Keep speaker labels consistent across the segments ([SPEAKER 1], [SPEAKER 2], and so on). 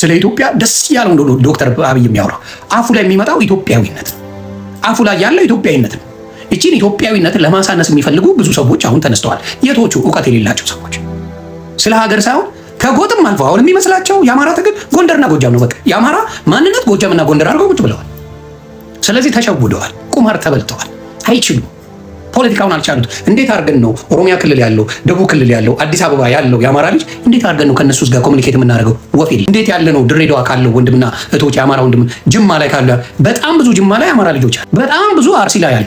[SPEAKER 1] ስለ ኢትዮጵያ ደስ ያለው እንደ ዶክተር አብይ የሚያወራው አፉ ላይ የሚመጣው ኢትዮጵያዊነት ነው። አፉ ላይ ያለው ኢትዮጵያዊነት ነው። እቺን ኢትዮጵያዊነትን ለማሳነስ የሚፈልጉ ብዙ ሰዎች አሁን ተነስተዋል። የቶቹ እውቀት የሌላቸው ሰዎች ስለ ሀገር ሳይሆን ከጎጥም አልፎ አሁን የሚመስላቸው የአማራ ትግል ጎንደርና ጎጃም ነው። በቃ የአማራ ማንነት ጎጃምና ጎንደር አድርገው ቁጭ ብለዋል። ስለዚህ ተሸውደዋል፣ ቁማር ተበልተዋል፣ አይችሉም። ፖለቲካውን አልቻሉት። እንዴት አድርገን ነው ኦሮሚያ ክልል ያለው፣ ደቡብ ክልል ያለው፣ አዲስ አበባ ያለው የአማራ ልጅ እንዴት አድርገን ነው ከነሱ ጋር ኮሚኒኬት የምናደርገው? ወፌል እንዴት ያለ ነው ድሬዳዋ ካለው ወንድምና እህቶች የአማራ ወንድም ጅማ ላይ ካለ በጣም ብዙ ጅማ ላይ አማራ ልጆች አሉ። በጣም ብዙ አርሲ ላይ አሉ።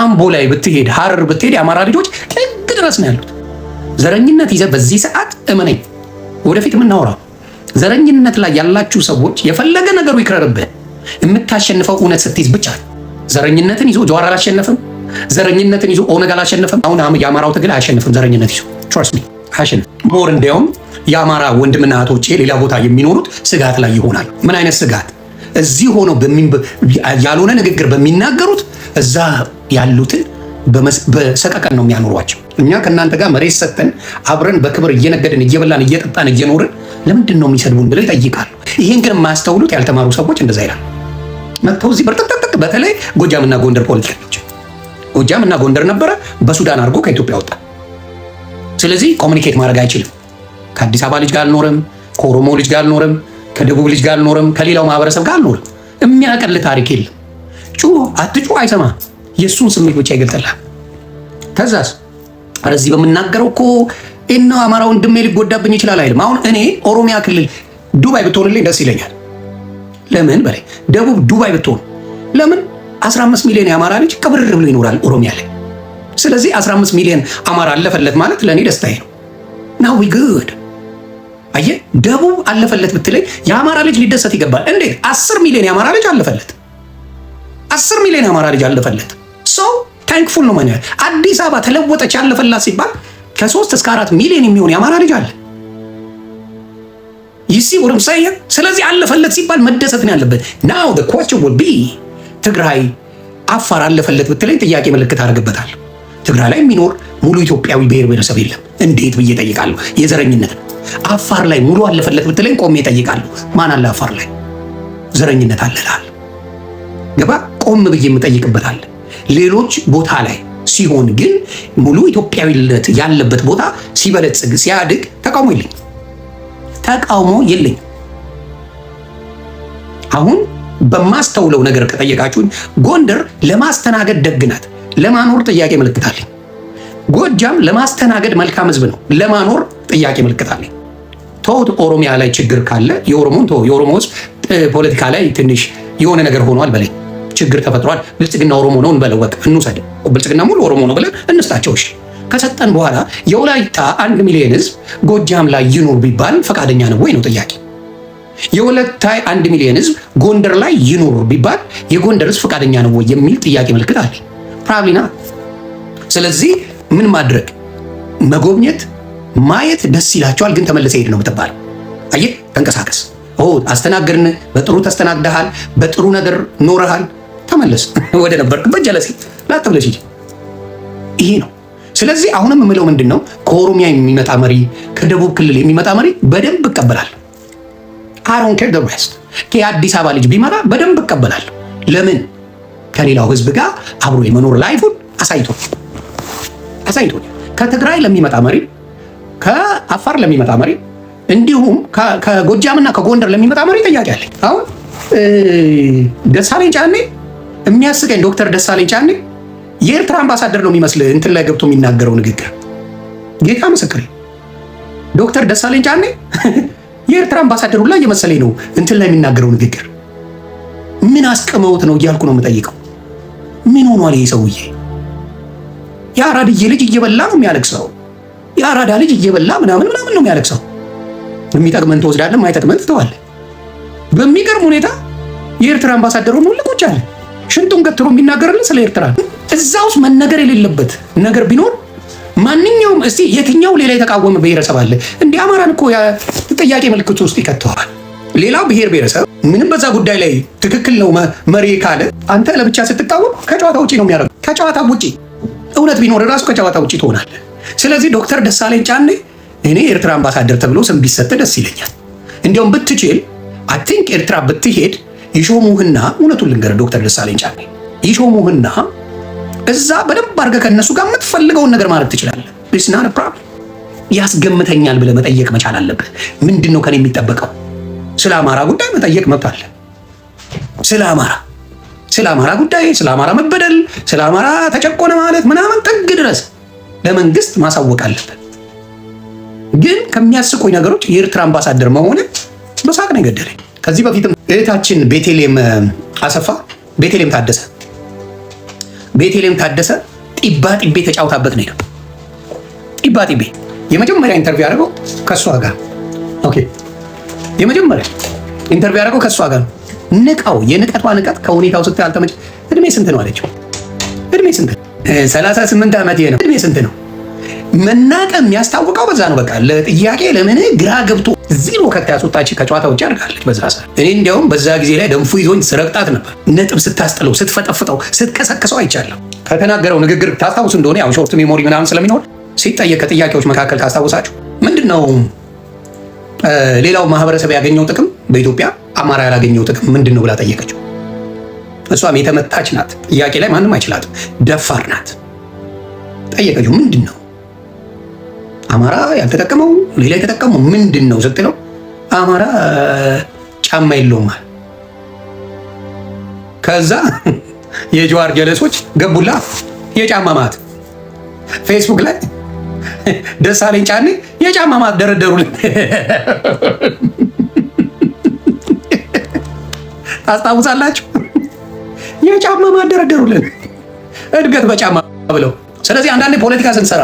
[SPEAKER 1] አምቦ ላይ ብትሄድ፣ ሀረር ብትሄድ የአማራ ልጆች ጥግ ድረስ ነው ያሉት። ዘረኝነት ይዘ በዚህ ሰዓት እመነኝ፣ ወደፊት የምናወራው ዘረኝነት ላይ ያላችሁ ሰዎች የፈለገ ነገሩ ይክረርብህ፣ የምታሸንፈው እውነት ስትይዝ ብቻ። ዘረኝነትን ይዞ ጀዋር አላሸነፍም። ዘረኝነትን ይዞ ኦነግ አላሸነፈም። አሁን የአማራው ትግል አያሸንፍም። ዘረኝነት ይዞ ትረስት ሚ አያሸንፍም። ሞር እንዲያውም የአማራ ወንድምና ሌላ ቦታ የሚኖሩት ስጋት ላይ ይሆናል። ምን አይነት ስጋት? እዚህ ሆነው ያልሆነ ንግግር በሚናገሩት እዛ ያሉትን በሰቀቀን ነው የሚያኖሯቸው። እኛ ከእናንተ ጋር መሬት ሰጥተን አብረን በክብር እየነገድን እየበላን እየጠጣን እየኖርን ለምንድን ነው የሚሰድቡን ብለው ይጠይቃሉ። ይህን ግን የማያስተውሉት ያልተማሩ ሰዎች እንደዛ ይላል መጥተው እዚህ በርጠጠጠቅ በተለይ ጎጃምና ጎንደር ፖለቲካ ጎጃም እና ጎንደር ነበረ። በሱዳን አድርጎ ከኢትዮጵያ ወጣ። ስለዚህ ኮሚኒኬት ማድረግ አይችልም። ከአዲስ አበባ ልጅ ጋር አልኖርም፣ ከኦሮሞ ልጅ ጋር አልኖርም፣ ከደቡብ ልጅ ጋር አልኖርም፣ ከሌላው ማህበረሰብ ጋር አልኖርም። የሚያቀል ታሪክ የለም። ጩ አትጩ አይሰማ። የእሱን ስሜት ብቻ ይገልጠላል። ከዛስ እዚህ በምናገረው እኮ እና አማራ ወንድሜ ሊጎዳብኝ ይችላል አይልም። አሁን እኔ ኦሮሚያ ክልል ዱባይ ብትሆንልኝ ደስ ይለኛል። ለምን በላይ ደቡብ ዱባይ ብትሆን ለምን 15 ሚሊዮን የአማራ ልጅ ቅብርር ብሎ ይኖራል ኦሮሚያ ላይ። ስለዚህ 15 ሚሊዮን አማራ አለፈለት ማለት ለእኔ ደስታዬ ነው። ዊ ጉድ አየ ደቡብ አለፈለት ብትለኝ የአማራ ልጅ ሊደሰት ይገባል። እንዴት 10 ሚሊዮን የአማራ ልጅ አለፈለት? 10 ሚሊዮን የአማራ ልጅ አለፈለት። ሰው ታንክፉል ነው ማለት። አዲስ አበባ ተለወጠች ያለፈላት ሲባል ከሶስት እስከ አራት ሚሊዮን የሚሆን የአማራ ልጅ አለ ይሲ ወርምሳያ። ስለዚህ አለፈለት ሲባል መደሰት ነው ያለበት። ናው ዘ ኳስቸን ዊል ቢ ትግራይ፣ አፋር አለፈለት ብትለኝ ጥያቄ ምልክት አደርግበታለሁ። ትግራይ ላይ የሚኖር ሙሉ ኢትዮጵያዊ ብሔር ብሔረሰብ የለም። እንዴት ብዬ ጠይቃለሁ? የዘረኝነት ነው። አፋር ላይ ሙሉ አለፈለት ብትለኝ ቆሜ ጠይቃለሁ። ማን አለ አፋር ላይ ዘረኝነት አለላል ገባ ቆም ብዬ የምጠይቅበታል። ሌሎች ቦታ ላይ ሲሆን ግን ሙሉ ኢትዮጵያዊነት ያለበት ቦታ ሲበለጽግ ሲያድግ ተቃውሞ የለኝ ተቃውሞ የለኝ አሁን በማስተውለው ነገር ከጠየቃችሁኝ ጎንደር ለማስተናገድ ደግ ናት፣ ለማኖር ጥያቄ ምልክታለኝ። ጎጃም ለማስተናገድ መልካም ህዝብ ነው፣ ለማኖር ጥያቄ ምልክታለኝ። ተውት። ኦሮሚያ ላይ ችግር ካለ የኦሮሞን ተው። የኦሮሞ ሕዝብ ፖለቲካ ላይ ትንሽ የሆነ ነገር ሆኗል በላይ ችግር ተፈጥሯል። ብልጽግና ኦሮሞ ነው እንበለወቅ እንውሰድ። ብልጽግና ሙሉ ኦሮሞ ነው ብለን እንስጣቸው። እሺ ከሰጠን በኋላ የወላይታ አንድ ሚሊዮን ህዝብ ጎጃም ላይ ይኑር ቢባል ፈቃደኛ ነው ወይ ነው ጥያቄ የወለታ አንድ ሚሊዮን ህዝብ ጎንደር ላይ ይኖር ቢባል የጎንደር ህዝብ ፈቃደኛ ነው ወይ የሚል ጥያቄ ምልክት አለ። ና ስለዚህ ምን ማድረግ መጎብኘት፣ ማየት ደስ ይላቸዋል። ግን ተመለሰ ሄድ ነው የምትባል። አየህ ተንቀሳቀስ። አስተናገድን፣ በጥሩ ተስተናግደሃል፣ በጥሩ ነገር ኖረሃል። ተመለስ ወደ ነበርክበት። ጀለሲ ላተብለሽ እንጂ ይሄ ነው። ስለዚህ አሁንም የምለው ምንድን ነው ከኦሮሚያ የሚመጣ መሪ፣ ከደቡብ ክልል የሚመጣ መሪ በደንብ እቀበላለሁ። አሮን ኬር ደረስት ከአዲስ አበባ ልጅ ቢመጣ በደንብ እቀበላለሁ። ለምን ከሌላው ህዝብ ጋር አብሮ የመኖር ላይፉን አሳይቶ አሳይቶ ከትግራይ ለሚመጣ መሪ፣ ከአፋር ለሚመጣ መሪ እንዲሁም ከጎጃምና ከጎንደር ለሚመጣ መሪ ጥያቄ አለኝ። አሁን ደሳለኝ ጫኔ የሚያስቀኝ ዶክተር ደሳለኝ ጫኔ የኤርትራ አምባሳደር ነው የሚመስል እንትን ላይ ገብቶ የሚናገረው ንግግር ጌታ ምስክሬ ዶክተር ደሳለኝ ጫኔ የኤርትራ አምባሳደር ሁላ እየመሰለኝ ነው እንትን ላይ የሚናገረው ንግግር ምን አስቀመውት ነው እያልኩ ነው የምጠይቀው። ምን ሆኗል ይሄ ሰውዬ? የአራድዬ ልጅ እየበላ ነው የሚያለቅሰው። የአራዳ ልጅ እየበላ ምናምን ምናምን ነው የሚያለቅሰው። የሚጠቅመን ትወስዳለህ፣ ማይጠቅመን ትተዋለ። በሚገርም ሁኔታ የኤርትራ አምባሳደር ሆኖ አለ ሽንጡን ገትሮ የሚናገርልን ስለ ኤርትራ እዛ ውስጥ መነገር የሌለበት ነገር ቢኖር ማንኛውም እስቲ የትኛው ሌላ የተቃወመ ብሔረሰብ አለ? እንዲ አማራን እኮ ጥያቄ ምልክቱ ውስጥ ይከተዋል። ሌላው ብሔር ብሔረሰብ ምንም በዛ ጉዳይ ላይ ትክክል ነው መሪ ካለ አንተ ለብቻ ስትቃወም ከጨዋታ ውጭ ነው የሚያደርገው። ከጨዋታ ውጪ እውነት ቢኖር ራሱ ከጨዋታ ውጭ ትሆናለ። ስለዚህ ዶክተር ደሳለኝ ጫኔ እኔ ኤርትራ አምባሳደር ተብሎ ስም ቢሰጥ ደስ ይለኛል። እንዲያውም ብትችል አይ ቲንክ ኤርትራ ብትሄድ ይሾሙህና፣ እውነቱን ልንገር ዶክተር ደሳለኝ ጫኔ ይሾሙህና እዛ በደንብ አድርገህ ከነሱ ጋር የምትፈልገውን ነገር ማድረግ ትችላለህ። ስና ፕሮብለም ያስገምተኛል ብለህ መጠየቅ መቻል አለብህ። ምንድን ነው ከኔ የሚጠበቀው? ስለ አማራ ጉዳይ መጠየቅ መብት አለ። ስለ አማራ ስለ አማራ ጉዳይ ስለ አማራ መበደል ስለ አማራ ተጨቆነ ማለት ምናምን ጥግ ድረስ ለመንግስት ማሳወቅ አለበት። ግን ከሚያስቁኝ ነገሮች የኤርትራ አምባሳደር መሆን በሳቅ ነው የገደለኝ። ከዚህ በፊትም እህታችን ቤቴሌም አሰፋ ቤቴሌም ታደሰ ቤቴሌም ታደሰ ጢባ ጢቤ ተጫውታበት ነው ሄደው። ጢባ ጢቤ የመጀመሪያ ኢንተርቪው ያደረገው ከእሷ ጋር ኦኬ። የመጀመሪያ ኢንተርቪው ያደረገው ከእሷ ጋር ነው። ንቀው የንቀቷ ንቀት ከሁኔታው ስትል አልተመቸ። እድሜ ስንት ነው አለችው። እድሜ ስንት ነው? 38 ዓመት ነው። እድሜ ስንት ነው? መናቀም የሚያስታውቀው በዛ ነው። በቃ ለጥያቄ ለምን ግራ ገብቶ እዚህ ነው ከተያስወጣች ከጨዋታ ውጭ አድርጋለች። በዛ ሰ እኔ እንዲያውም በዛ ጊዜ ላይ ደንፉ ይዞኝ ስረግጣት ነበር። ነጥብ ስታስጥለው፣ ስትፈጠፍጠው፣ ስትቀሰቅሰው አይቻለሁ። ከተናገረው ንግግር ታስታውስ እንደሆነ ያው ሾርት ሜሞሪ ምናምን ስለሚኖር ሲጠየቅ ከጥያቄዎች መካከል ካስታውሳችሁ? ምንድን ነው ሌላው ማህበረሰብ ያገኘው ጥቅም በኢትዮጵያ አማራ ያላገኘው ጥቅም ምንድን ነው ብላ ጠየቀችው። እሷም የተመታች ናት፣ ጥያቄ ላይ ማንም አይችላትም፣ ደፋር ናት። ጠየቀችው ምንድን ነው አማራ ያልተጠቀመው ሌላ የተጠቀመው ምንድን ነው ስትለው አማራ ጫማ የለውም ከዛ የጀዋር ጀለሶች ገቡላ የጫማ ማት ፌስቡክ ላይ ደሳለኝ ጫኔ የጫማ ማት ደረደሩልን። ታስታውሳላችሁ? የጫማ ማት ደረደሩልን እድገት በጫማ ብለው። ስለዚህ አንዳንዴ ፖለቲካ ስንሰራ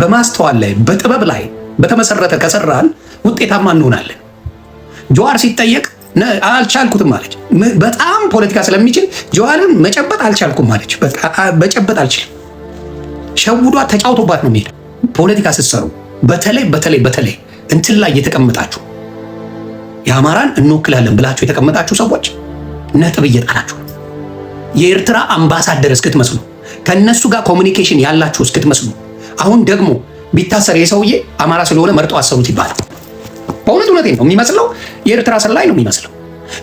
[SPEAKER 1] በማስተዋል ላይ በጥበብ ላይ በተመሰረተ ከሰራን ውጤታማ እንሆናለን። ጀዋር ሲጠየቅ አልቻልኩትም አለች። በጣም ፖለቲካ ስለሚችል ጀዋርን መጨበጥ አልቻልኩም አለች። መጨበጥ አልችልም። ሸውዷ ተጫውቶባት ነው የሚሄደው። ፖለቲካ ስትሰሩ በተለይ በተለይ በተለይ እንትን ላይ የተቀመጣችሁ የአማራን እንወክላለን ብላችሁ የተቀመጣችሁ ሰዎች ነጥብ እየጣላችሁ የኤርትራ አምባሳደር እስክትመስሉ ከእነሱ ጋር ኮሚኒኬሽን ያላችሁ እስክትመስሉ አሁን ደግሞ ቢታሰር የሰውዬ አማራ ስለሆነ መርጦ አሰሩት ይባላል። በእውነት እውነቴ ነው የሚመስለው፣ የኤርትራ ሰላይ ነው የሚመስለው፣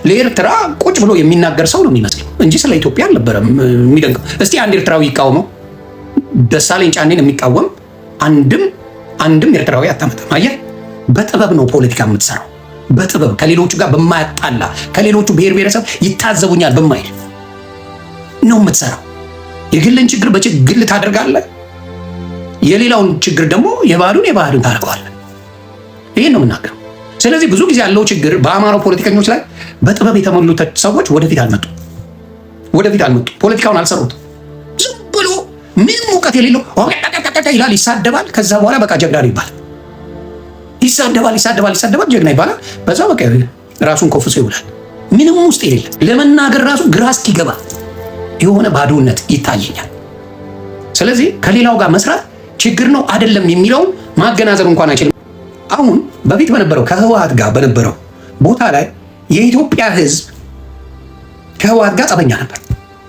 [SPEAKER 1] ለኤርትራ ቁጭ ብሎ የሚናገር ሰው ነው የሚመስለው እንጂ ስለ ኢትዮጵያ አልነበረም የሚደንቀው። እስቲ አንድ ኤርትራዊ ይቃወመው፣ ደሳለኝ ጫኔን የሚቃወም አንድም አንድም ኤርትራዊ አታመጣም። አየህ፣ በጥበብ ነው ፖለቲካ የምትሰራው በጥበብ ከሌሎቹ ጋር በማያጣላ ከሌሎቹ ብሔር ብሔረሰብ ይታዘቡኛል በማይል ነው የምትሰራው። የግልን ችግር በግል ታደርጋለህ። የሌላውን ችግር ደግሞ የባህሉን የባህሉን ታደርገዋለን። ይህን ነው የምናገረው። ስለዚህ ብዙ ጊዜ ያለው ችግር በአማራው ፖለቲከኞች ላይ በጥበብ የተሞሉ ሰዎች ወደፊት አልመጡ ወደፊት አልመጡ ፖለቲካውን አልሰሩት። ዝም ብሎ ምንም እውቀት የሌለው ይላል፣ ይሳደባል። ከዛ በኋላ በቃ ጀግና ነው ይባላል። ይሳደባል፣ ይሳደባል፣ ይሳደባል፣ ጀግና ይባላል። በዛ በቃ ራሱን ኮፍሶ ይውላል። ምንም ውስጥ የሌለ ለመናገር ራሱ ግራ እስኪገባ የሆነ ባዶነት ይታየኛል። ስለዚህ ከሌላው ጋር መስራት ችግር ነው አይደለም የሚለውን ማገናዘብ እንኳን አይችልም። አሁን በፊት በነበረው ከህወሓት ጋር በነበረው ቦታ ላይ የኢትዮጵያ ህዝብ ከህወሓት ጋር ጸበኛ ነበር።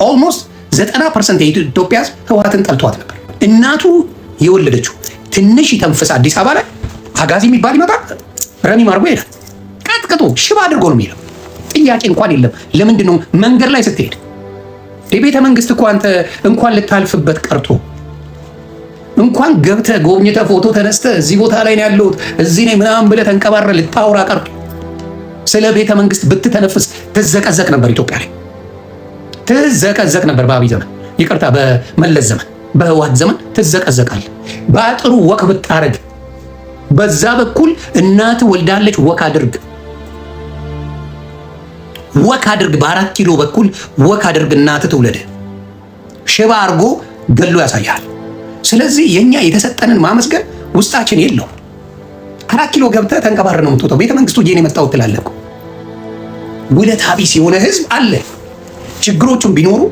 [SPEAKER 1] ኦልሞስት ዘጠና ፐርሰንት የኢትዮጵያ ህዝብ ህወሓትን ጠልቷት ነበር። እናቱ የወለደችው ትንሽ ይተንፍስ አዲስ አበባ ላይ አጋዚ የሚባል ይመጣል፣ ረሚም አድርጎ ይሄዳል። ቀጥቅጦ ሽባ አድርጎ ነው የሚለው። ጥያቄ እንኳን የለም። ለምንድን ነው መንገድ ላይ ስትሄድ የቤተ መንግስት እኮ አንተ እንኳን ልታልፍበት ቀርቶ እንኳን ገብተ ጎብኝተ ፎቶ ተነስተ እዚህ ቦታ ላይ ነው ያለሁት እዚህ ነኝ ምናምን ብለ ተንቀባረ ልታወራ ቀርቶ ስለ ቤተ መንግስት ብትተነፍስ ትዘቀዘቅ ነበር። ኢትዮጵያ ላይ ትዘቀዘቅ ነበር። በአብይ ዘመን ይቅርታ፣ በመለስ ዘመን፣ በህወሓት ዘመን ትዘቀዘቃል። በአጥሩ ወቅ ብታረግ በዛ በኩል እናት ወልዳለች፣ ወክ አድርግ፣ ወክ አድርግ፣ በአራት ኪሎ በኩል ወክ አድርግ፣ እናት ትውለድ ሽባ አድርጎ ገሎ ያሳያል። ስለዚህ የኛ የተሰጠንን ማመስገን ውስጣችን የለው። አራት ኪሎ ገብተህ ተንቀባረ ነው የምትወጣው። ቤተ መንግስቱ ጄን የመጣው ትላለህ። ውለታ ቢስ የሆነ ህዝብ አለ። ችግሮቹን ቢኖሩ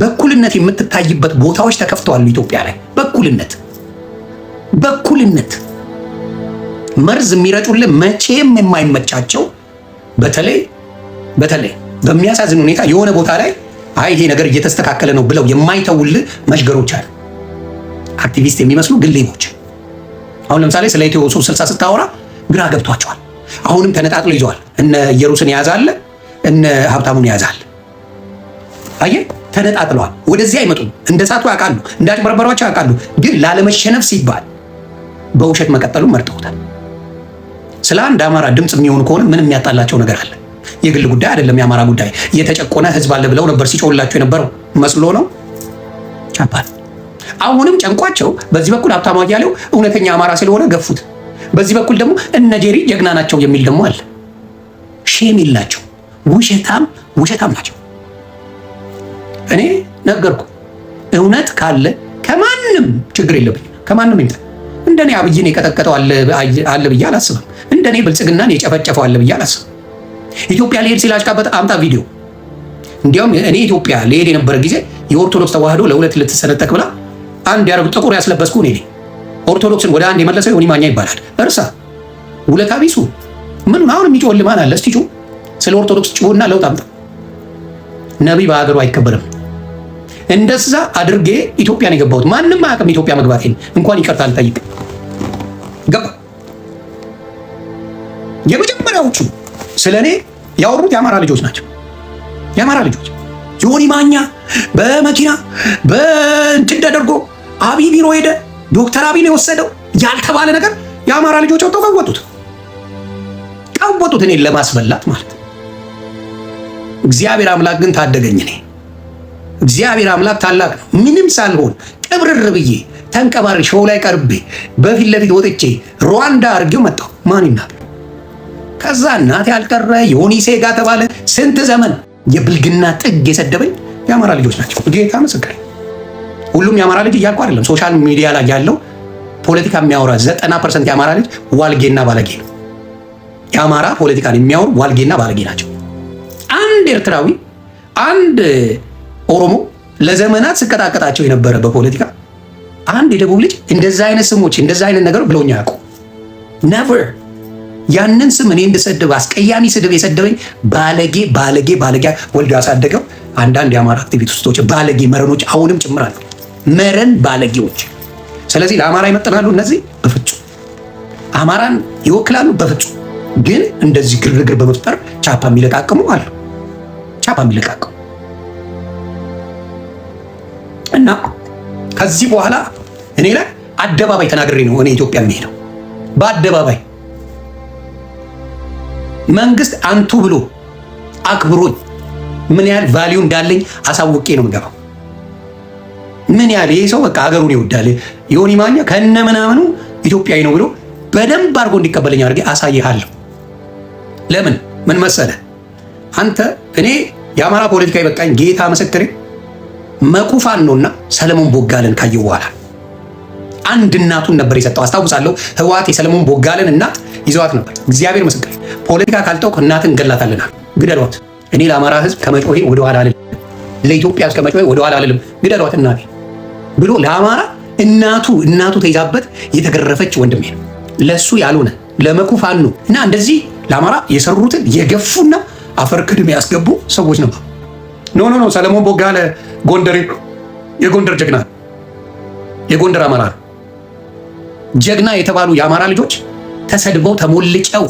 [SPEAKER 1] በኩልነት የምትታይበት ቦታዎች ተከፍተዋል። ኢትዮጵያ ላይ በኩልነት በኩልነት መርዝ የሚረጩልን መቼም የማይመቻቸው በተለይ በተለይ በሚያሳዝን ሁኔታ የሆነ ቦታ ላይ አይ ይሄ ነገር እየተስተካከለ ነው ብለው የማይተውልህ መሽገሮች አሉ። አክቲቪስት የሚመስሉ ግለኞች አሁን ለምሳሌ ስለ ኢትዮ ሶስት ስልሳ ስታወራ ግራ ገብቷቸዋል። አሁንም ተነጣጥሎ ይዘዋል። እነ ኢየሩስን የያዛለ እነ ሀብታሙን ያዛል አየ ተነጣጥለዋል። ወደዚህ አይመጡም። እንደ ሳቱ ያውቃሉ፣ እንደ አጭበርበሯቸው ያውቃሉ። ግን ላለመሸነፍ ሲባል በውሸት መቀጠሉ መርጠውታል። ስለ አንድ አማራ ድምፅ የሚሆኑ ከሆነ ምን የሚያጣላቸው ነገር አለ? የግል ጉዳይ አይደለም፣ የአማራ ጉዳይ። የተጨቆነ ህዝብ አለ ብለው ነበር ሲጮላቸው የነበረው መስሎ ነው ቻባል አሁንም ጨንቋቸው፣ በዚህ በኩል ሀብታሙ አያሌው እውነተኛ አማራ ስለሆነ ገፉት፣ በዚህ በኩል ደግሞ እነ ጄሪ ጀግና ናቸው የሚል ደግሞ አለ። ሼም የላቸው፣ ውሸታም ውሸታም ናቸው። እኔ ነገርኩ፣ እውነት ካለ ከማንም ችግር የለብኝ፣ ከማንም ይምጣ። እንደኔ አብይን የቀጠቀጠው አለ ብዬ አላስብም። እንደኔ ብልጽግናን የጨፈጨፈው አለ ብዬ አላስብም። ኢትዮጵያ ልሄድ ሲል አሽቃበት አምጣ ቪዲዮ። እንዲያውም እኔ ኢትዮጵያ ልሄድ የነበረ ጊዜ የኦርቶዶክስ ተዋህዶ ለሁለት ልትሰነጠቅ ብላ አንድ ያረጉ ጥቁር ያስለበስኩ እኔ ነኝ። ኦርቶዶክስን ወደ አንድ የመለሰው ዮኒ ማኛ ይባላል። እርሳ ውለታ ቢሱ ምን አሁን የሚጮል ማን አለ? እስቲ ጩ ስለ ኦርቶዶክስ ጩና ለውጥ አምጣ። ነቢይ በሀገሩ አይከበርም። እንደዛ አድርጌ ኢትዮጵያን የገባሁት ማንም አያውቅም። ኢትዮጵያ መግባት እንኳን ይቅርታ አልጠይቅ ገባ። የመጀመሪያዎቹ ስለ እኔ ያወሩት የአማራ ልጆች ናቸው። የአማራ ልጆች ዮኒ ማኛ በመኪና በእንትን ተደርጎ አብይ ቢሮ ሄደ። ዶክተር አብይ ነው የወሰደው ያልተባለ ነገር የአማራ ልጆች ወጥተው ቀወጡት ቀወጡት፣ እኔን ለማስበላት ማለት እግዚአብሔር አምላክ ግን ታደገኝ። እኔ እግዚአብሔር አምላክ ታላቅ ነው። ምንም ሳልሆን ቅብርር ብዬ ተንቀባሪ ሾው ላይ ቀርቤ በፊት ለፊት ወጥቼ ሩዋንዳ አድርጌው መጣሁ። ማን ይናገር? ከዛ እናቴ ያልቀረ ዮኒሴ ጋር ተባለ። ስንት ዘመን የብልግና ጥግ የሰደበኝ የአማራ ልጆች ናቸው። ጌታ ምስክር ሁሉም የአማራ ልጅ እያልኩ አይደለም። ሶሻል ሚዲያ ላይ ያለው ፖለቲካ የሚያወራ ዘጠና ፐርሰንት የአማራ ልጅ ዋልጌና ባለጌ ነው። የአማራ ፖለቲካን የሚያወሩ ዋልጌና ባለጌ ናቸው። አንድ ኤርትራዊ፣ አንድ ኦሮሞ ለዘመናት ስቀጣቀጣቸው የነበረ በፖለቲካ አንድ የደቡብ ልጅ እንደዛ አይነት ስሞች እንደዛ አይነት ነገር ብለውኛ ያውቁ ነቨር ያንን ስም እኔ እንድሰድብ አስቀያሚ ስድብ የሰደበኝ ባለጌ ባለጌ ባለጌ ወልዶ ያሳደገው አንዳንድ የአማራ አክቲቪስቶች ባለጌ መረኖች አሁንም ጭምር አሉ። መረን ባለጌዎች። ስለዚህ ለአማራ ይመጥናሉ እነዚህ በፍጹም አማራን ይወክላሉ በፍጹም ግን እንደዚህ ግርግር በመፍጠር ቻፓ የሚለቃቅሙ አሉ። ቻፓ የሚለቃቅሙ እና ከዚህ በኋላ እኔ ላይ አደባባይ ተናግሬ ነው እኔ ኢትዮጵያ የሚሄደው በአደባባይ መንግስት አንቱ ብሎ አክብሮኝ ምን ያህል ቫሊዩ እንዳለኝ አሳውቄ ነው የምገባው። ምን ያህል ይሄ ሰው በቃ ሀገሩን ይወዳል። ዮኒ ማኛ ከነ ምናምኑ ኢትዮጵያዊ ነው ብሎ በደንብ አድርጎ እንዲቀበለኝ አድርጌ አሳይሃለሁ። ለምን ምን መሰለ አንተ እኔ የአማራ ፖለቲካ ይበቃኝ፣ ጌታ ምስክሬ መኩፋን ነውና ሰለሞን ቦጋለን ካየው በኋላ አንድ እናቱን ነበር የሰጠው አስታውሳለሁ። ህወሓት የሰለሞን ቦጋለን እናት ይዘዋት ነበር። እግዚአብሔር ምስክሬ ፖለቲካ ካልተው እናትን ገላታለና ግደሏት። እኔ ለአማራ ህዝብ ከመጮሄ ወደኋላ አልልም፣ ለኢትዮጵያ እስከ መጮሄ ወደኋላ አልልም። ግደሏት እናቴ ብሎ ለአማራ እናቱ እናቱ ተይዛበት የተገረፈች ወንድሜ ነው። ለሱ ያልሆነ ለመኩፋኑ እና እንደዚህ ለአማራ የሰሩትን የገፉና አፈር ክድም ያስገቡ ሰዎች ነው። ኖ ኖ ኖ ሰለሞን ቦጋለ ጎንደር የጎንደር ጀግና የጎንደር አማራ ጀግና የተባሉ የአማራ ልጆች ተሰድበው ተሞልጨው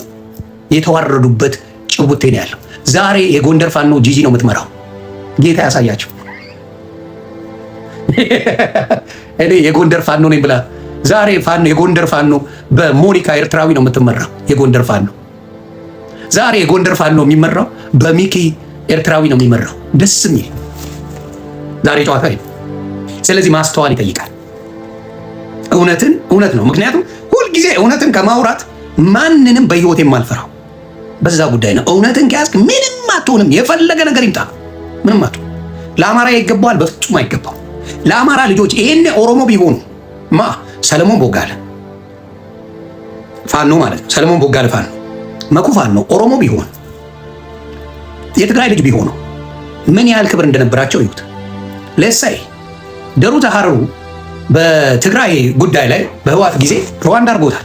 [SPEAKER 1] የተዋረዱበት ጭውቴ ነው ያለው። ዛሬ የጎንደር ፋኖ ጂጂ ነው የምትመራው። ጌታ ያሳያቸው። እኔ የጎንደር ፋኖ ነኝ ብላ ዛሬ ፋኖ የጎንደር ፋኖ በሞኒካ ኤርትራዊ ነው የምትመራው። የጎንደር ፋኖ ዛሬ የጎንደር ፋኖ የሚመራው በሚኪ ኤርትራዊ ነው የሚመራው። ደስ የሚል ዛሬ ጨዋታ። ስለዚህ ማስተዋል ይጠይቃል። እውነትን እውነት ነው። ምክንያቱም ሁልጊዜ እውነትን ከማውራት ማንንም በህይወት የማልፈራው በዛ ጉዳይ ነው። እውነትን ከያዝክ ምንም አትሆንም። የፈለገ ነገር ይምጣ፣ ምንም አትሆን። ለአማራ ይገባዋል? በፍጹም አይገባው። ለአማራ ልጆች ይሄን ኦሮሞ ቢሆኑ ማ ሰለሞን ቦጋለ ፋኖ ማለት ነው። ሰለሞን ቦጋለ ፋኖ መኩ ፋኖ ኦሮሞ ቢሆን የትግራይ ልጅ ቢሆኑ ምን ያህል ክብር እንደነበራቸው ይሁት ለሳይ ደሩ ተሐረሩ በትግራይ ጉዳይ ላይ በህዋት ጊዜ ሩዋንዳ አድርጎታል።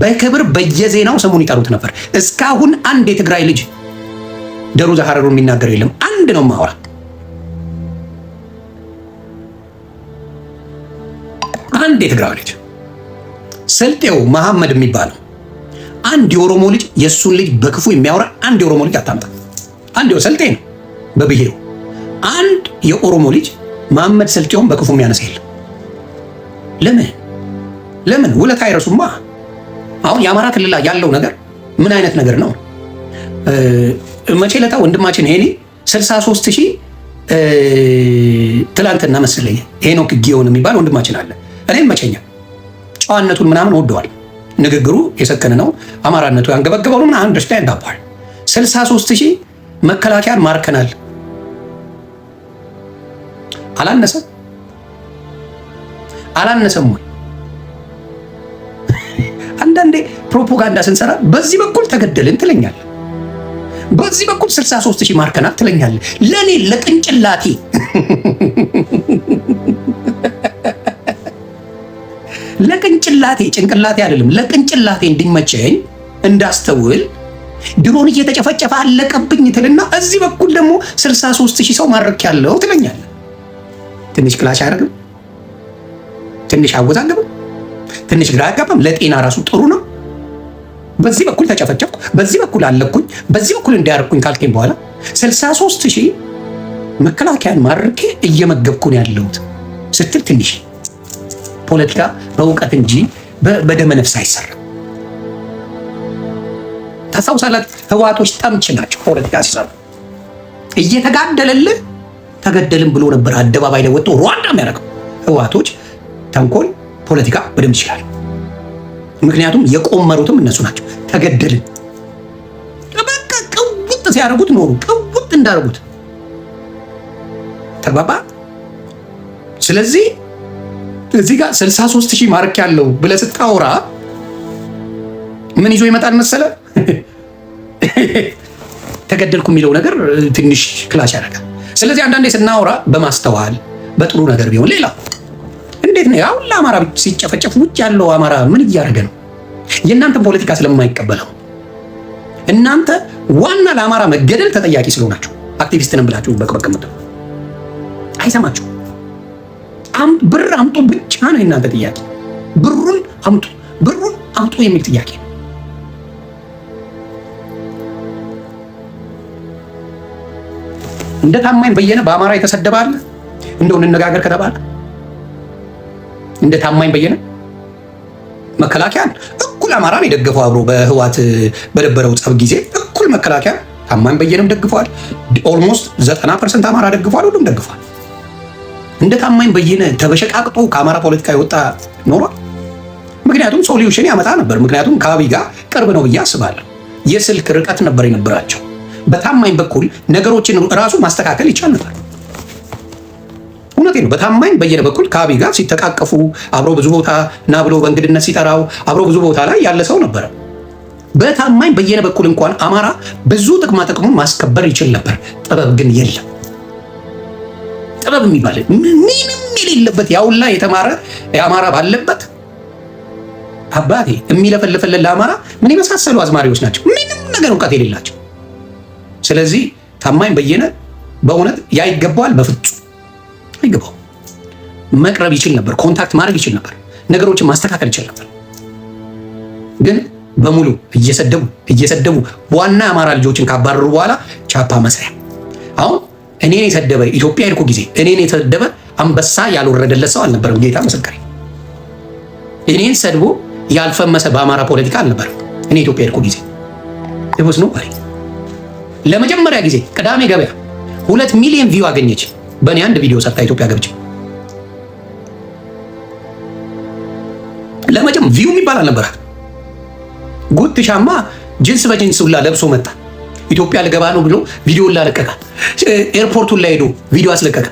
[SPEAKER 1] በክብር በየዜናው ስሙን ይጠሩት ነበር። እስካሁን አንድ የትግራይ ልጅ ደሩ ተሐረሩ የሚናገር የለም። አንድ ነው ማውራት አንድ የትግራዊ ልጅ ሰልጤው መሐመድ የሚባለው አንድ የኦሮሞ ልጅ የእሱን ልጅ በክፉ የሚያወራ አንድ የኦሮሞ ልጅ አታምጣ። አንድ ሰልጤ ነው በብሔሩ። አንድ የኦሮሞ ልጅ መሐመድ ሰልጤውን በክፉ የሚያነሳ የለም። ለምን ለምን? ውለታ አይረሱማ። አሁን የአማራ ክልል ያለው ነገር ምን አይነት ነገር ነው? መቼ ለታ ወንድማችን ሄኒ 63 ሺህ ትላንትና መሰለኝ ሄኖክ ጊዮን የሚባል ወንድማችን አለ እኔ መቸኛ ጨዋነቱን ምናምን ወደዋል። ንግግሩ የሰከነ ነው። አማራነቱ ያንገበገበው ምን አንደርስታንድ አባል 63 ሺህ መከላከያን ማርከናል አላነሰም አላነሰም ወይ? አንዳንዴ ፕሮፓጋንዳ ስንሰራ በዚህ በኩል ተገደልን ትለኛል፣ በዚህ በኩል 63 ሺህ ማርከናል ትለኛል። ለእኔ ለቅንጭላቴ ለቅንጭላቴ ጭንቅላቴ አይደለም ለቅንጭላቴ እንዲመቸኝ እንዳስተውል ድሮን እየተጨፈጨፈ አለቀብኝ ትልና እዚህ በኩል ደግሞ 63 ሺህ ሰው ማድረግ ያለው ትለኛለ። ትንሽ ክላሽ አያደርግም? ትንሽ አወዛገብም? ትንሽ ግራ አያጋባም? ለጤና ራሱ ጥሩ ነው። በዚህ በኩል ተጨፈጨፍኩ፣ በዚህ በኩል አለኩኝ፣ በዚህ በኩል እንዲያርኩኝ ካልከኝ በኋላ 63 ሺህ መከላከያን ማድረግ እየመገብኩን ያለሁት ስትል ትንሽ ፖለቲካ በእውቀት እንጂ በደመ ነፍስ አይሰራም። ታስታውሳላት ህወሓቶች ጠምች ናቸው። ፖለቲካ ሲሰሩ እየተጋደለልህ ተገደልን ብሎ ነበር አደባባይ ላይ ወጥቶ ሩዋንዳ የሚያደርገው ህወሓቶች ተንኮል ፖለቲካ በደንብ ይችላል። ምክንያቱም የቆመሩትም እነሱ ናቸው። ተገደልን በቃ ቅውጥ ሲያደርጉት ኖሩ። ቅውጥ እንዳደርጉት ተግባባ። ስለዚህ እዚህ ጋር 63 ሺህ ማርክ ያለው ብለህ ስታወራ ምን ይዞ ይመጣል መሰለ? ተገደልኩ የሚለው ነገር ትንሽ ክላሽ ያደርጋል። ስለዚህ አንዳንዴ ስናወራ በማስተዋል በጥሩ ነገር ቢሆን ሌላ እንዴት ነው አሁን ለአማራ ሲጨፈጨፍ ውጭ ያለው አማራ ምን እያደረገ ነው? የእናንተን ፖለቲካ ስለማይቀበለው እናንተ ዋና ለአማራ መገደል ተጠያቂ ስለሆናችሁ አክቲቪስት ነን ብላችሁ በቅበቅ አይሰማችሁ ብር አምጡ ብቻ ነው የእናንተ ጥያቄ። ብሩን አምጡ፣ ብሩን አምጡ የሚል ጥያቄ ነው። እንደ ታማኝ በየነ በአማራ የተሰደበ አለ? እንደው እንነጋገር ከተባለ እንደ ታማኝ በየነ መከላከያን እኩል አማራን የደገፈው አብሮ በህዋት በነበረው ጸብ ጊዜ እኩል መከላከያ ታማኝ በየነም ደግፈዋል። ኦልሞስት ዘጠና ፐርሰንት አማራ ደግፈዋል፣ ሁሉም ደግፈዋል። እንደ ታማኝ በየነ ተበሸቃቅጦ ከአማራ ፖለቲካ የወጣ ኖሯል። ምክንያቱም ሶሉሽን ያመጣ ነበር። ምክንያቱም ከአብይ ጋር ቅርብ ነው ብዬ አስባለሁ። የስልክ ርቀት ነበር የነበራቸው። በታማኝ በኩል ነገሮችን ራሱ ማስተካከል ይቻል ነበር። እውነቴ ነው። በታማኝ በየነ በኩል ከአብይ ጋር ሲተቃቀፉ አብሮ ብዙ ቦታ ና ብሎ በእንግድነት ሲጠራው አብሮ ብዙ ቦታ ላይ ያለ ሰው ነበረ። በታማኝ በየነ በኩል እንኳን አማራ ብዙ ጥቅማ ጥቅሙን ማስከበር ይችል ነበር። ጥበብ ግን የለም። ጥበብ የሚባል ምንም የሌለበት ያውላ የተማረ የአማራ ባለበት አባቴ የሚለፈልፈልን ለአማራ ምን የመሳሰሉ አዝማሪዎች ናቸው። ምንም ነገር እውቀት የሌላቸው። ስለዚህ ታማኝ በየነ በእውነት ያ ይገባዋል። በፍጹም አይገባው። መቅረብ ይችል ነበር፣ ኮንታክት ማድረግ ይችል ነበር፣ ነገሮችን ማስተካከል ይችል ነበር። ግን በሙሉ እየሰደቡ እየሰደቡ ዋና የአማራ ልጆችን ካባረሩ በኋላ ቻፓ መስሪያ አሁን እኔን የሰደበ ኢትዮጵያ ሄድኩ ጊዜ እኔን የሰደበ አንበሳ ያልወረደለት ሰው አልነበረም። ጌታ መሰከረ። እኔን ሰድቦ ያልፈመሰ በአማራ ፖለቲካ አልነበረም። እኔ ኢትዮጵያ ሄድኩ ጊዜ ስ ነው ለመጀመሪያ ጊዜ ቅዳሜ ገበያ ሁለት ሚሊዮን ቪው አገኘች። በእኔ አንድ ቪዲዮ ሰርታ ኢትዮጵያ ገብች። ለመጀመ ቪው የሚባል አልነበራት። ጉትሻማ ጅንስ በጅንስ ሁላ ለብሶ መጣ። ኢትዮጵያ ልገባ ነው ብሎ ቪዲዮ ላለቀቀ፣ ኤርፖርቱን ላይ ሄዶ ቪዲዮ አስለቀቀ።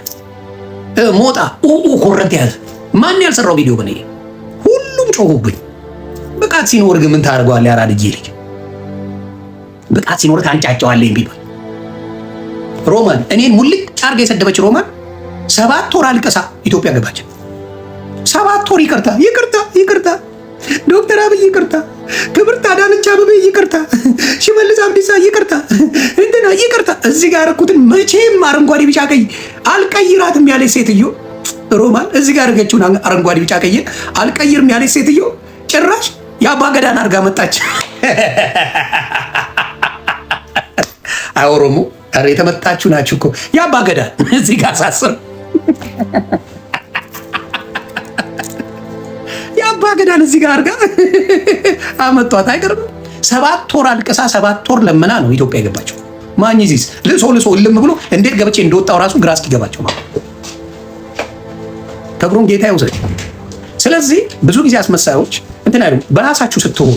[SPEAKER 1] ሞጣ ኡኡ ኮረንት ያዘ። ማን ያልሰራው ቪዲዮ በነ ሁሉም ጮሁብኝ። ብቃት ሲኖር ግን ምን ታደርገዋለህ? ያራ ልጅ ልጅ ብቃት ሲኖር ታንጫጫዋለህ ቢባል ሮማን እኔን ሙልጭ አድርጋ የሰደበች ሮማን ሰባት ወር አልቀሳ ኢትዮጵያ ገባች። ሰባት ወር ይቅርታ ይቅርታ ይቅርታ ዶክተር አብይ ይቅርታ፣ ክብርት አዳነች አበበ ይቅርታ፣ ሽመልስ አብዲሳ ይቅርታ፣ እንትና ይቅርታ። እዚህ ጋር እኩትን መቼም አረንጓዴ ቢጫ ቀይ አልቀይራትም ያለች ሴትዮ ሮማን እዚህ ጋር አድርገችውን አረንጓዴ ቢጫ ቀይ አልቀይርም ያለች ሴትዮ ጭራሽ የአባ ገዳን አድርጋ መጣች። አይ ኦሮሞ ኧረ የተመጣችሁ ናችሁ እኮ የአባ ገዳን እዚህ ጋር ሳስር አባ ገዳን እዚህ ጋር አርጋ አመጧት። አይቀርም ሰባት ወር አልቅሳ ሰባት ወር ለመና ነው ኢትዮጵያ የገባቸው። ማኝ ዚስ ልሶ ልሶ እልም ብሎ እንዴት ገብቼ እንደወጣው ራሱ ግራ እስኪገባቸው ማለት ክብሩን ጌታ ይውሰድ። ስለዚህ ብዙ ጊዜ አስመሳዮች እንትን አይደለም፣ በራሳችሁ ስትሆኑ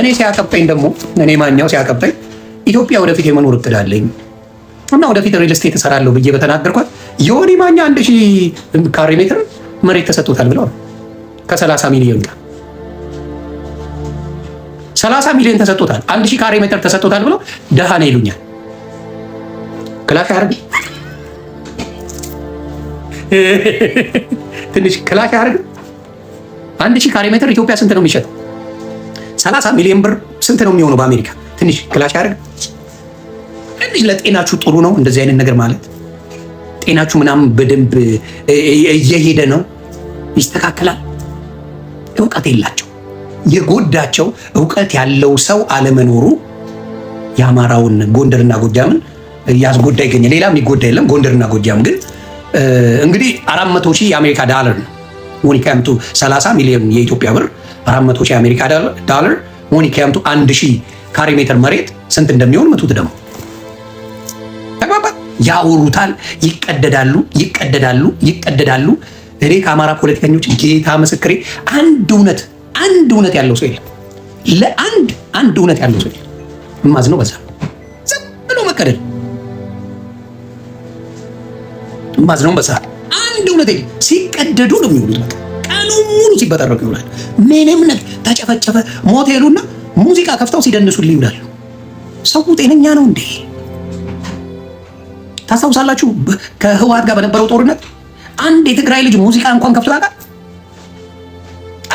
[SPEAKER 1] እኔ ሲያቀበኝ ደግሞ እኔ ማኛው ሲያቀበኝ ኢትዮጵያ ወደፊት የመኖር እቅድ አለኝ እና ወደፊት ሪል ስቴት እሰራለሁ ብዬ በተናገርኳት የሆነ ማኛ አንድ ሺህ ካሬ ሜትር መሬት ተሰጥቶታል ብለዋል። ከ30 ሚሊዮን ጋር 30 ሚሊዮን ተሰጥቶታል። አንድ ሺህ ካሬ ሜትር ተሰጥቶታል ብሎ ደሃ ነው ይሉኛል። ክላሽ አርግ ትንሽ ክላሽ አርግ። አንድ ሺህ ካሬ ሜትር ኢትዮጵያ ስንት ነው የሚሸጠው? 30 ሚሊዮን ብር ስንት ነው የሚሆነው በአሜሪካ? ትንሽ ክላሽ አርግ። ትንሽ ለጤናችሁ ጥሩ ነው እንደዚህ አይነት ነገር ማለት ጤናችሁ ምናምን በደንብ እየሄደ ነው፣ ይስተካከላል። እውቀት የላቸው። የጎዳቸው እውቀት ያለው ሰው አለመኖሩ የአማራውን ጎንደርና ጎጃምን ያስጎዳ ይገኛል። ሌላ የሚጎዳ የለም። ጎንደርና ጎጃም ግን እንግዲህ አራት መቶ ሺህ የአሜሪካ ዳለር ነው ሞኒካ ያምቱ 30 ሚሊዮን የኢትዮጵያ ብር 400 ሺህ አሜሪካ ዳለር ሞኒካ ያምጡ 1000 ካሬ ሜትር መሬት ስንት እንደሚሆን መቱት። ደግሞ ያወሩታል። ይቀደዳሉ፣ ይቀደዳሉ፣ ይቀደዳሉ። እኔ ከአማራ ፖለቲከኞች ጌታ ምስክሬ አንድ እውነት አንድ እውነት ያለው ሰው የለም። ለአንድ አንድ እውነት ያለው ሰው የለም። ማዝ ነው በዛ ዝም ብሎ መከደል ማዝ ነው በዛ አንድ እውነት ሲቀደዱ ነው የሚውሉት። በቃ ቀኑ ሙሉ ሲበጠረቁ ይውላል። ምንም ነገር ተጨፈጨፈ፣ ሞቴሉና ሙዚቃ ከፍተው ሲደንሱልኝ ይውላሉ። ሰው ጤነኛ ነው እንዴ? ታስታውሳላችሁ ከህወሓት ጋር በነበረው ጦርነት አንድ የትግራይ ልጅ ሙዚቃ እንኳን ከፍቶ ያውቃል?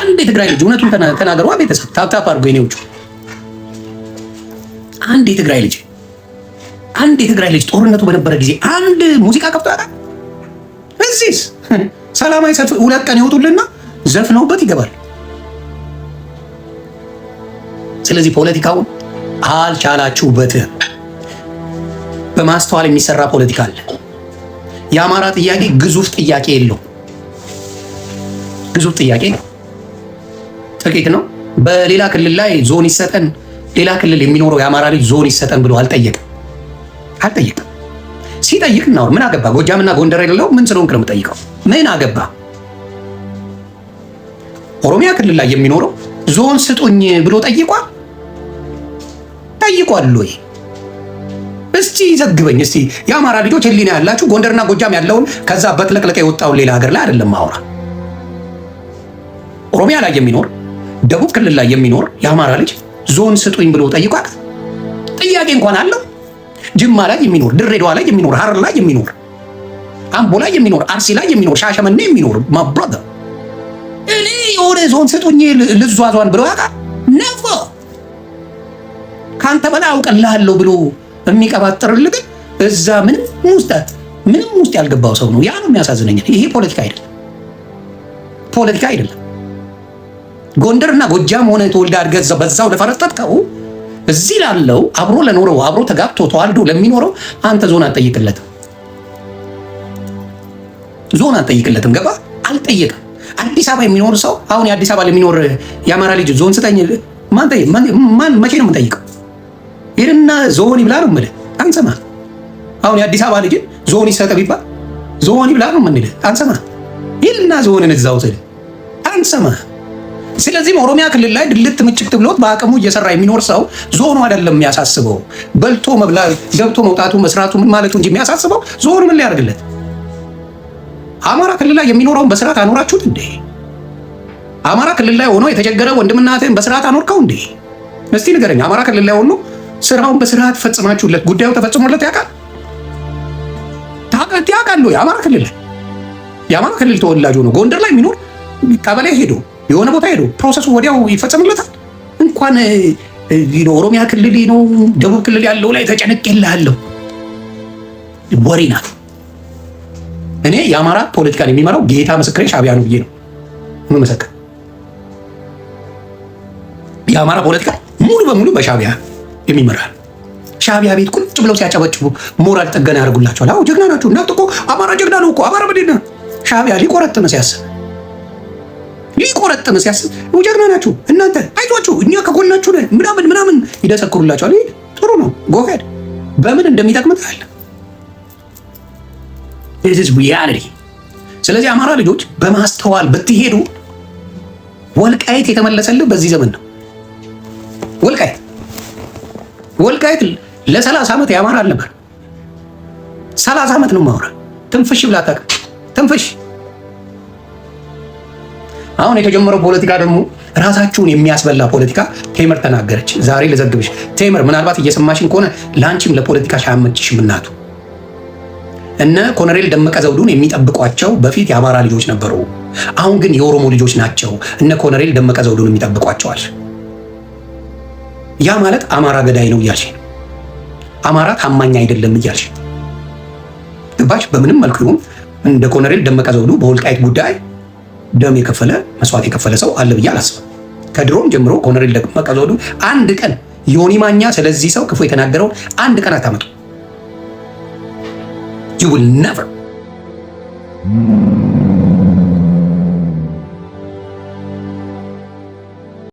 [SPEAKER 1] አንድ የትግራይ ልጅ እውነቱን ተናገሩ። ቤተሰብ ታፕታፕ አድርጎ የኔዎቹ አንድ የትግራይ ልጅ አንድ የትግራይ ልጅ ጦርነቱ በነበረ ጊዜ አንድ ሙዚቃ ከፍቶ ያውቃል? እዚህስ ሰላማዊ ሰልፍ ሁለት ቀን ይወጡልና ዘፍነውበት ይገባል። ስለዚህ ፖለቲካውን አልቻላችሁበት። በማስተዋል የሚሰራ ፖለቲካ አለ። የአማራ ጥያቄ ግዙፍ ጥያቄ የለው። ግዙፍ ጥያቄ ጥቂት ነው። በሌላ ክልል ላይ ዞን ይሰጠን፣ ሌላ ክልል የሚኖረው የአማራ ልጅ ዞን ይሰጠን ብሎ አልጠየቅም አልጠየቅም። ሲጠይቅ እናወር ምን አገባ? ጎጃምና ጎንደር የሌለው ምን ስለሆንክ ነው የምጠይቀው? ምን አገባ? ኦሮሚያ ክልል ላይ የሚኖረው ዞን ስጡኝ ብሎ ጠይቋል ጠይቋል ወይ? እስቲ ዘግበኝ እስቲ የአማራ ልጆች ህሊና ያላችሁ ጎንደርና ጎጃም ያለውን ከዛ በጥለቅለቀ የወጣውን ሌላ ሀገር ላይ አይደለም ማውራ ኦሮሚያ ላይ የሚኖር ደቡብ ክልል ላይ የሚኖር የአማራ ልጅ ዞን ስጡኝ ብሎ ጠይቋል ጥያቄ እንኳን አለው። ጅማ ላይ የሚኖር ድሬዳዋ ላይ የሚኖር ሀረር ላይ የሚኖር አምቦ ላይ የሚኖር አርሲ ላይ የሚኖር ሻሸመኔ የሚኖር ማብሮደ እኔ የሆነ ዞን ስጡኝ ልዟዟን ብሎ ያውቃል ነፎ ከአንተ በላይ አውቀልሃለሁ ብሎ የሚቀባጥርልህ ግን እዛ ምንም ውስጠት ምንም ውስጥ ያልገባው ሰው ነው። ያ ነው የሚያሳዝነኝ። ይሄ ፖለቲካ አይደለም፣ ፖለቲካ አይደለም። ጎንደርና ጎጃም ሆነ ተወልደ አድገህ በዛው ለፈረጠጥከው እዚህ ላለው አብሮ ለኖረው አብሮ ተጋብቶ ተዋልዶ ለሚኖረው አንተ ዞን አትጠይቅለትም፣ ዞን አትጠይቅለትም። ገባ አልጠየቅም። አዲስ አበባ የሚኖር ሰው አሁን የአዲስ አበባ ለሚኖር የአማራ ልጅ ዞን ስጠኝ ማን መቼ ነው የምንጠይቀው? ሂድና ዞን ይብላ ነው የምልህ። አንሰማ አሁን የአዲስ አበባ ልጅ ዞን ይሰጠ ቢባል ዞን ይብላ ነው የምንልህ። አንሰማ ሂድና ዞንን እዛው ስል አንሰማ። ስለዚህም ኦሮሚያ ክልል ላይ ድልት ምጭቅት ብሎት በአቅሙ እየሰራ የሚኖር ሰው ዞኑ አይደለም የሚያሳስበው፣ በልቶ መብላት፣ ገብቶ መውጣቱ፣ መስራቱ፣ ምን ማለቱ እንጂ የሚያሳስበው ዞኑ ምን ሊያደርግለት። አማራ ክልል ላይ የሚኖረውን በስርዓት አኖራችሁት እንዴ? አማራ ክልል ላይ ሆኖ የተቸገረ ወንድምናትን በስርዓት አኖርከው እንዴ? እስቲ ንገረኝ። አማራ ክልል ላይ ሆኖ ስራውን በስርዓት ፈጽማችሁለት ጉዳዩ ተፈጽሞለት ያውቃል ያውቃሉ። የአማራ ክልል የአማራ ክልል ተወላጅ ሆኖ ጎንደር ላይ የሚኖር ቀበሌ ሄዶ የሆነ ቦታ ሄዶ ፕሮሰሱ ወዲያው ይፈጽምለታል። እንኳን ኦሮሚያ ክልል ነው ደቡብ ክልል ያለው ላይ ተጨነቄልሃለሁ ወሬ ናት። እኔ የአማራ ፖለቲካን የሚመራው ጌታ ምስክሬ ሻቢያ ነው ብዬ ነው የምመሰክር። የአማራ ፖለቲካ ሙሉ በሙሉ በሻዕቢያ የሚመራል ሻቢያ ቤት ቁጭ ብለው ሲያጨበጭቡ ሞራል ጥገና ያደርጉላቸዋል። አዎ ጀግና ናቸው። እናንተ እኮ አማራ ጀግና ነው እኮ አማራ ምንድን ነው? ሊቆረጥም ሲያስብ ሊቆረጥም ሲያስብ ጀግና ናችሁ እናንተ አይዟችሁ፣ እኛ ከጎናችሁ ነን ምናምን ምናምን ይደሰክሩላቸዋል። ይህ ጥሩ ነው። ጎሄድ በምን እንደሚጠቅም ታያለህ። ስለዚህ አማራ ልጆች በማስተዋል ብትሄዱ ወልቃይት የተመለሰልህ በዚህ ዘመን ነው። ወልቃይት ወልቃይት ለሰላሳ ዓመት ያማራል ነበር። ሰላሳ ዓመት ነው ማውራ ትንፍሽ ብላ ታውቅ ትንፍሽ። አሁን የተጀመረው ፖለቲካ ደግሞ ራሳችሁን የሚያስበላ ፖለቲካ። ቴምር ተናገረች ዛሬ ልዘግብሽ። ቴምር ምናልባት እየሰማሽን ከሆነ ለአንቺም ለፖለቲካ ሻመችሽ ምናቱ እነ ኮሎኔል ደመቀ ዘውዱን የሚጠብቋቸው በፊት የአማራ ልጆች ነበሩ። አሁን ግን የኦሮሞ ልጆች ናቸው እነ ኮሎኔል ደመቀ ዘውዱን የሚጠብቋቸዋል። ያ ማለት አማራ ገዳይ ነው እያልሽ ነው። አማራ ታማኝ አይደለም እያልሽ ግባሽ። በምንም መልኩ ይሁን እንደ ኮነሬል ደመቀ ዘውዱ በወልቃይት ጉዳይ ደም የከፈለ መስዋዕት የከፈለ ሰው አለ ብዬ አላስብም። ከድሮም ጀምሮ ኮነሬል ደመቀ ዘውዱ አንድ ቀን ዮኒ ማኛ ስለዚህ ሰው ክፉ የተናገረው አንድ ቀን አታመጡ ዩ ዊል ነቨር